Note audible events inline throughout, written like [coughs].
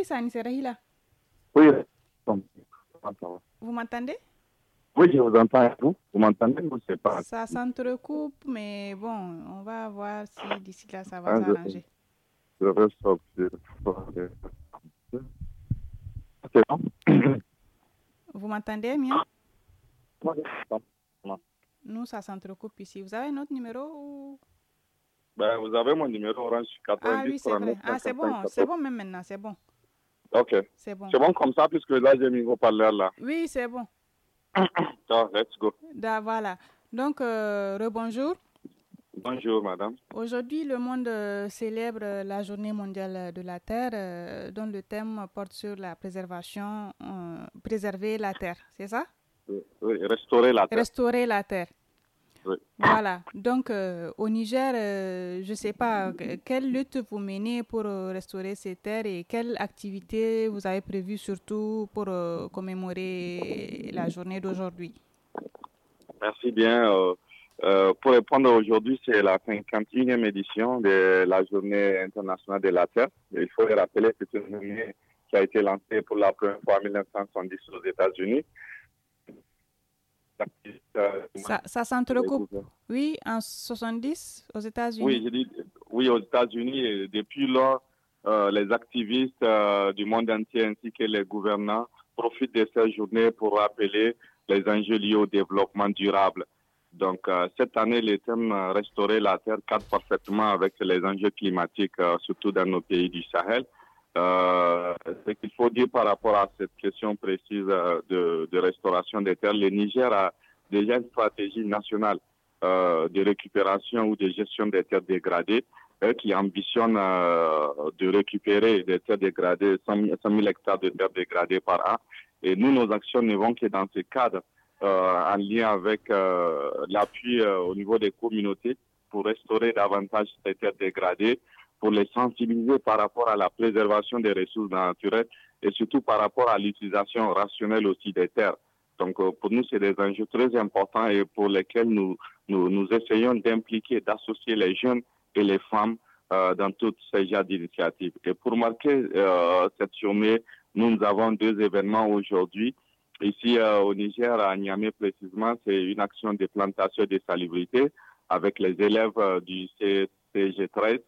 Oui, Sani Serahila. Oui, vous m'entendez Oui, je vous entends. Vous, vous m'entendez Je ne sais pas. Ça s'entrecoupe, mais bon, on va voir si d'ici là, ça va ah, s'arranger. Je, je sortir. C'est bon Vous m'entendez bien Nous, ça s'entrecoupe ici. Vous avez notre numéro ben, Vous avez mon numéro orange 90 Ah oui, c'est Ah, c'est bon, c'est bon même maintenant, c'est bon. Ok. C'est bon. comme ça, puisque là, j'ai mis vos là. Oui, c'est bon. [coughs] Ah, let's go. voilà. Donc, euh, rebonjour. Bonjour, madame. Aujourd'hui, le monde euh, célèbre la journée mondiale de la Terre, euh, dont le thème porte sur la préservation, préserver la Terre, c'est ça? Oui, restaurer la Terre. Restaurer la Terre. Voilà. Donc, euh, au Niger, euh, je ne sais pas, quelle lutte vous menez pour euh, restaurer ces terres et quelle activité vous avez prévues surtout pour commémorer la journée d'aujourd'hui Merci bien. pour répondre aujourd'hui, c'est la 51e édition de la Journée internationale de la Terre. Il faut rappeler rappeler, c'est une journée qui a été lancée pour la première fois en 1970 aux États-Unis. Ça, ça s'entrecoupe, oui, en 70 aux États-Unis. Oui, aux États-Unis. Depuis lors, euh, les activistes euh, du monde entier ainsi que les gouvernants profitent de ces journées pour rappeler les enjeux liés au développement durable. Donc, euh, cette année, le thème Restaurer la Terre cadre parfaitement avec les enjeux climatiques, surtout dans nos pays du Sahel. Euh, ce qu'il faut dire par rapport à cette question précise euh, de, de, restauration des terres, le Niger a déjà une stratégie nationale euh, de récupération ou de gestion des terres dégradées euh, qui ambitionne de récupérer des terres dégradées, 100 000, 100 000, hectares de terres dégradées par an. Et nous, nos actions ne vont que dans ce cadre, en lien avec l'appui au niveau des communautés pour restaurer davantage ces terres dégradées pour les sensibiliser par rapport à la préservation des ressources naturelles et surtout par rapport à l'utilisation rationnelle aussi des terres. Donc euh, pour nous, c'est des enjeux très importants et pour lesquels nous, nous, nous essayons d'impliquer, d'associer les jeunes et les femmes euh, dans toutes ces genres d'initiatives. Et pour marquer euh, cette journée, nous, nous avons deux événements aujourd'hui. Ici euh, au Niger, à Niamey précisément, c'est une action de plantation de salubrité avec les élèves euh, du CG13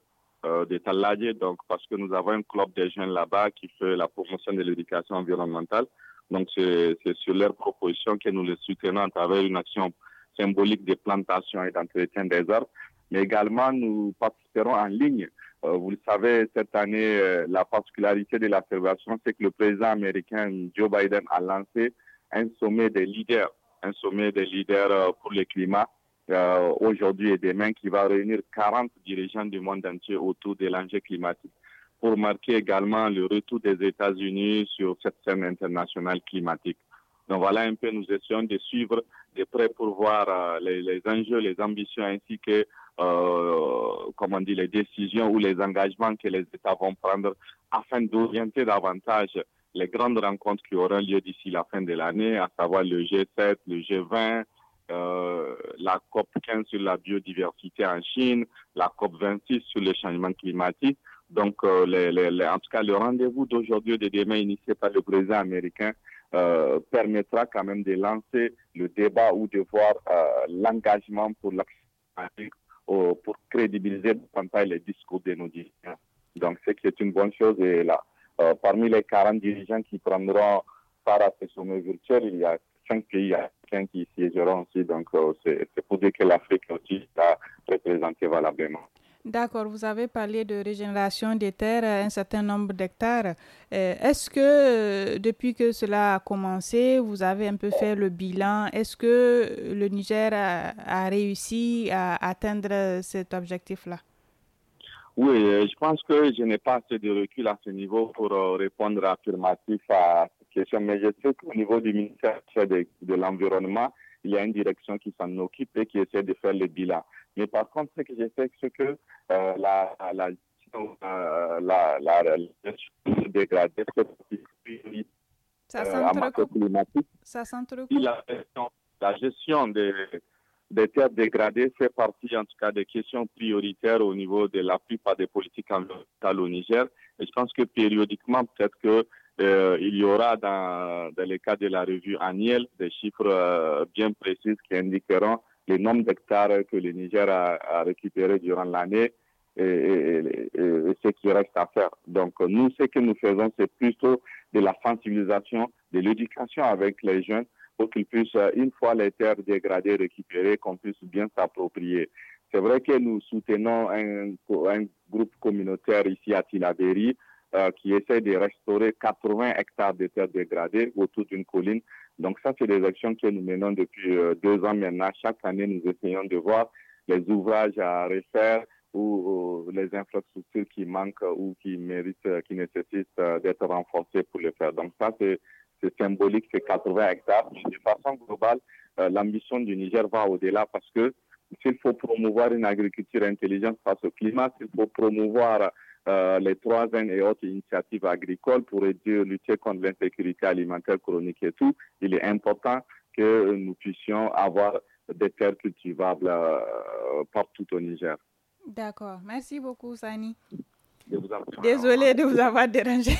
euh, de donc parce que nous avons un club de jeunes là-bas qui fait la promotion de l'éducation environnementale. Donc c'est sur leur proposition que nous les soutenons à travers une action symbolique de plantation et d'entretien des arbres. Mais également, nous participerons en ligne. Euh, vous le savez, cette année, euh, la particularité de la fédération, c'est que le président américain Joe Biden a lancé un sommet des leaders, un sommet des leaders euh, pour le climat euh, aujourd'hui et demain qui va réunir 40 dirigeants du monde entier autour de l'enjeu climatique pour marquer également le retour des États-Unis sur cette scène internationale climatique. Donc voilà un peu, nous essayons de suivre de près pour voir euh, les, enjeux, les ambitions ainsi que, euh, comment dit, les décisions ou les engagements que les États vont prendre afin d'orienter davantage les grandes rencontres qui auront lieu d'ici la fin de l'année, à savoir le G7, le G20, euh, la COP 15 sur la biodiversité en Chine, la COP 26 sur le changement climatique. Donc, euh, en tout cas, le rendez-vous d'aujourd'hui et de demain initié par le président américain euh, permettra quand même de lancer le débat ou de voir l'engagement pour l'action pour crédibiliser les discours de nos dirigeants. Donc, c'est que c'est une bonne chose. Et là, parmi les 40 dirigeants qui prendront part à ce sommet virtuel, il y a 5 pays qui siégeront aussi. Donc, euh, c'est pour dire que l'Afrique aussi sera représentée valablement. D'accord, vous avez parlé de régénération des terres, un certain nombre d'hectares. Euh, est-ce que euh, depuis que cela a commencé, vous avez un peu fait le bilan Est-ce que le Niger a, a réussi à atteindre cet objectif-là Oui, je pense que je n'ai pas assez de recul à ce niveau pour répondre affirmatif à question, mais je sais qu'au niveau du ministère de, l'Environnement, il y a une direction qui s'en occupe et qui essaie de faire le bilan. Mais par contre, ce que je sais, c'est que la, gestion des, des terres dégradées fait partie en tout cas des questions prioritaires au niveau de la plupart des politiques environnementales au Niger. Et je pense que périodiquement, peut-être que euh, il y aura dans, dans, le cas de la revue annuelle des chiffres euh, bien précis qui indiqueront les nombre d'hectares que le Niger a, a récupéré durant l'année et, ce qui reste à faire. Donc nous, ce que nous faisons, c'est plutôt de la sensibilisation, de l'éducation avec les jeunes pour qu'ils puissent, euh, une fois les terres dégradées, récupérées, qu'on puisse bien s'approprier. C'est vrai que nous soutenons un, un groupe communautaire ici à Tilaberi, euh, qui essaie de restaurer 80 hectares de terres dégradées autour d'une colline. Donc ça, c'est des actions que nous menons depuis euh, deux ans maintenant. Chaque année, nous essayons de voir les ouvrages à refaire ou, les infrastructures qui manquent ou qui méritent, euh, qui nécessitent d'être renforcées pour le faire. Donc ça, c'est symbolique, ces 80 hectares. de façon globale, l'ambition du Niger va au-delà parce que s'il faut promouvoir une agriculture intelligente face au climat, s'il faut promouvoir euh, les trois et autres initiatives agricoles pour aider lutter contre l'insécurité alimentaire chronique et tout, il est important que nous puissions avoir des terres cultivables euh, partout au Niger. D'accord. Merci beaucoup, Sani. Désolée de vous avoir dérangé.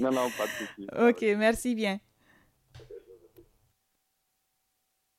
non, non, pas de souci. [laughs] Ok, merci bien.